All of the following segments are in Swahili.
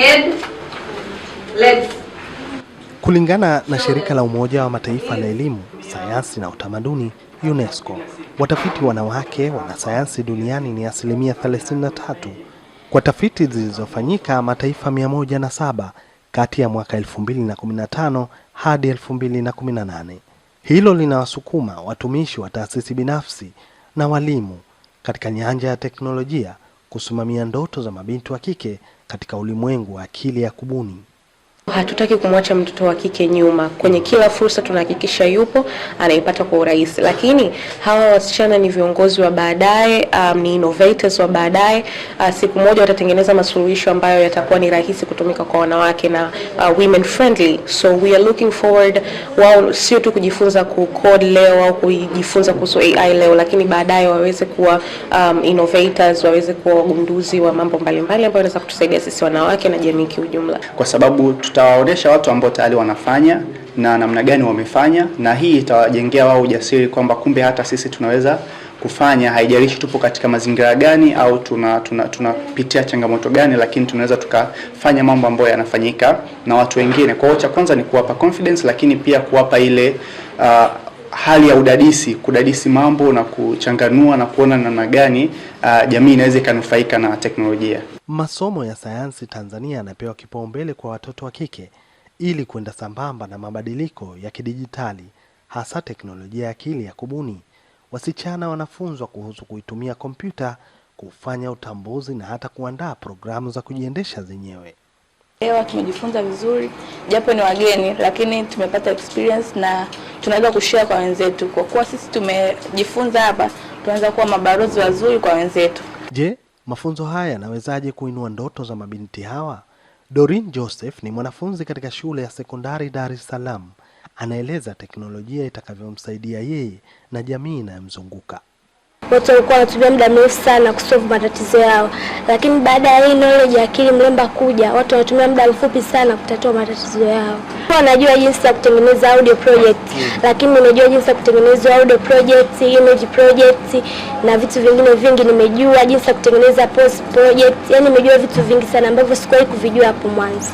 head, legs. Kulingana na shirika la Umoja wa Mataifa la elimu, sayansi na utamaduni UNESCO, watafiti wanawake wanasayansi duniani ni asilimia 33. Kwa tafiti zilizofanyika mataifa 107 kati ya mwaka 2015 hadi 2018. Hilo linawasukuma watumishi wa taasisi binafsi na walimu katika nyanja ya teknolojia kusimamia ndoto za mabinti wa kike katika ulimwengu wa akili ya kubuni. Hatutaki kumwacha mtoto wa kike nyuma. Kwenye kila fursa tunahakikisha yupo anaipata kwa urahisi, lakini hawa wasichana ni viongozi wa baadaye, um, ni innovators wa baadaye. Uh, siku moja watatengeneza masuluhisho ambayo yatakuwa ni rahisi kutumika kwa wanawake na uh, women friendly. So we are looking forward wao sio tu kujifunza ku code leo au kujifunza kuhusu AI leo, lakini baadaye waweze kuwa um, innovators, waweze kuwa wagunduzi wa mambo mbalimbali ambayo yanaweza kutusaidia sisi wanawake na jamii kiujumla, kwa sababu tutawaonesha watu ambao tayari wanafanya na namna gani wamefanya, na hii itawajengea wao ujasiri kwamba kumbe hata sisi tunaweza kufanya, haijalishi tupo katika mazingira gani au tunapitia tuna, tuna changamoto gani, lakini tunaweza tukafanya mambo ambayo yanafanyika na watu wengine. Kwa hiyo cha kwanza ni kuwapa confidence, lakini pia kuwapa ile uh, hali ya udadisi, kudadisi mambo na kuchanganua na kuona namna gani uh, jamii inaweza ikanufaika na teknolojia. Masomo ya sayansi Tanzania yanapewa kipaumbele kwa watoto wa kike ili kwenda sambamba na mabadiliko ya kidijitali hasa teknolojia ya akili ya kubuni. Wasichana wanafunzwa kuhusu kuitumia kompyuta, kufanya utambuzi na hata kuandaa programu za kujiendesha zenyewe. ewa tumejifunza vizuri, japo ni wageni, lakini tumepata experience na tunaweza kushare kwa wenzetu. Kwa kuwa sisi tumejifunza hapa, tunaweza kuwa mabalozi wazuri kwa wenzetu. Je, Mafunzo haya yanawezaje kuinua ndoto za mabinti hawa? dorin Joseph ni mwanafunzi katika shule ya sekondari Dar es Salaam. Anaeleza teknolojia itakavyomsaidia yeye na jamii inayomzunguka watu walikuwa wanatumia muda mrefu sana kusolve matatizo yao, lakini baada ya hii knowledge ya akili mlemba kuja, watu wanatumia muda mfupi sana kutatua matatizo yao. Wanajua jinsi ya kutengeneza audio project, lakini nimejua jinsi ya kutengeneza audio project, image project na vitu vingine vingi. Nimejua jinsi ya kutengeneza post project, yani nimejua vitu vingi sana ambavyo sikuwahi kuvijua hapo mwanzo.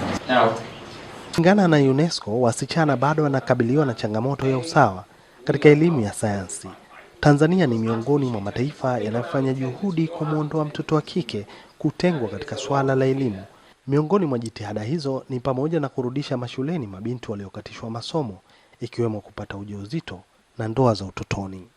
Kulingana na UNESCO, wasichana bado wanakabiliwa na changamoto ya usawa katika elimu ya sayansi. Tanzania ni miongoni mwa mataifa yanayofanya juhudi kumwondoa mtoto wa kike kutengwa katika swala la elimu. Miongoni mwa jitihada hizo ni pamoja na kurudisha mashuleni mabinti waliokatishwa masomo, ikiwemo kupata ujauzito na ndoa za utotoni.